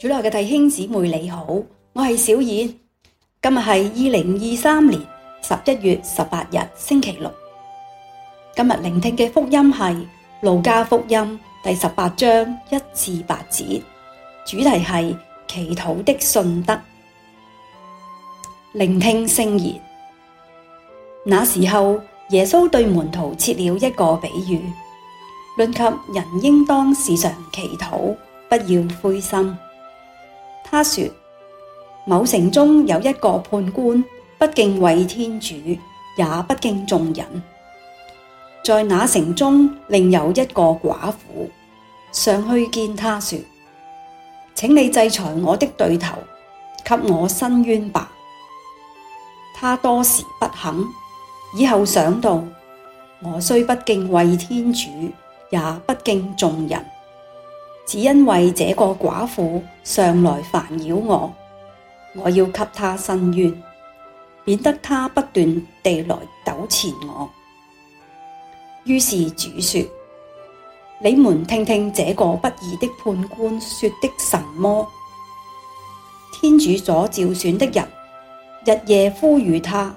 主內嘅弟兄姊妹，你好，我係小燕。今日係二零二三年十一月十八日，星期六。今日聆聽嘅福音係路加福音第十八章一至八節，主題係祈禱的信德。聆聽聖言，那時候耶穌對門徒設了一個比喻，論及人應當時常祈禱，不要灰心。他說：某城中有一個判官，不敬畏天主，也不敬重人。在那城中另有一個寡婦，上去見他說：請你制裁我的對頭，給我伸冤吧。他多時不肯，以後想到我雖不敬畏天主，也不敬重人。只因為這個寡婦常來煩擾我，我要給她伸冤，免得她不斷地來糾纏我。於是主說：你們聽聽這個不義的判官說的什麼？天主所召選的人日夜呼籲他，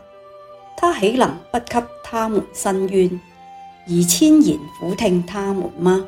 他豈能不給他們伸冤而遷延俯聽他們嗎？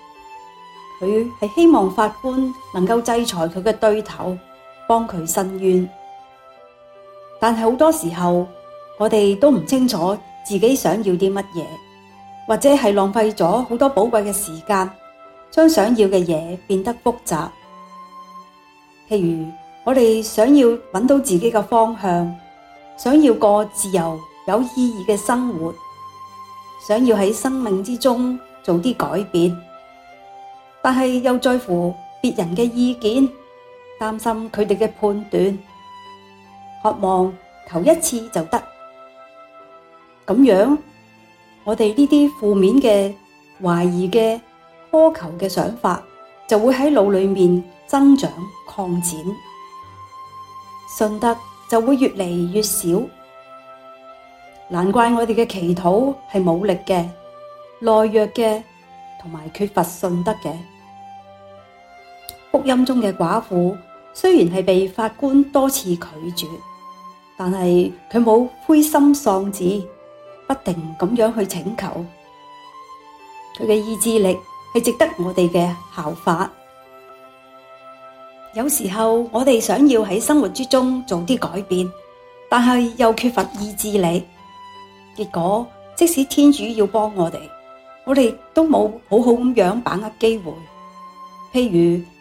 佢係希望法官能夠制裁佢嘅對頭，幫佢伸冤。但係好多時候，我哋都唔清楚自己想要啲乜嘢，或者係浪費咗好多寶貴嘅時間，將想要嘅嘢變得複雜。譬如我哋想要揾到自己嘅方向，想要過自由有意義嘅生活，想要喺生命之中做啲改變。但係又在乎別人嘅意見，擔心佢哋嘅判斷，渴望求一次就得，咁樣我哋呢啲負面嘅懷疑嘅苛求嘅想法，就會喺腦裏面增長擴展，信德就會越嚟越少，難怪我哋嘅祈禱係冇力嘅，懦弱嘅，同埋缺乏信德嘅。福音中嘅寡婦雖然係被法官多次拒絕，但係佢冇灰心喪志，不停咁樣去請求。佢嘅意志力係值得我哋嘅效法。有時候我哋想要喺生活之中做啲改變，但係又缺乏意志力，結果即使天主要幫我哋，我哋都冇好好咁樣把握機會。譬如，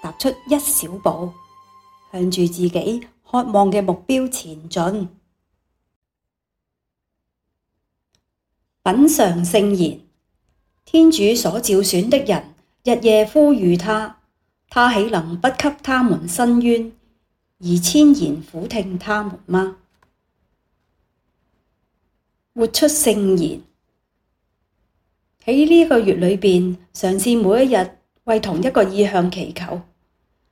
踏出一小步，向住自己渴望嘅目標前進。品嘗聖言，天主所召選的人，日夜呼籲他，他豈能不給他們伸冤而遷延俯聽他們嗎？活出聖言，喺呢個月裏面嘗試每一日為同一個意向祈求。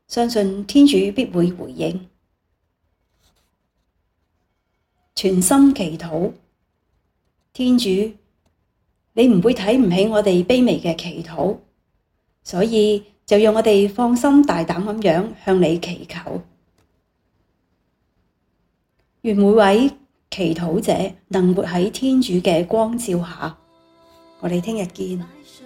相信天主必會回應，全心祈禱。天主，你唔會睇唔起我哋卑微嘅祈禱，所以就讓我哋放心大膽咁樣向你祈求。願每位祈禱者能活喺天主嘅光照下。我哋聽日見。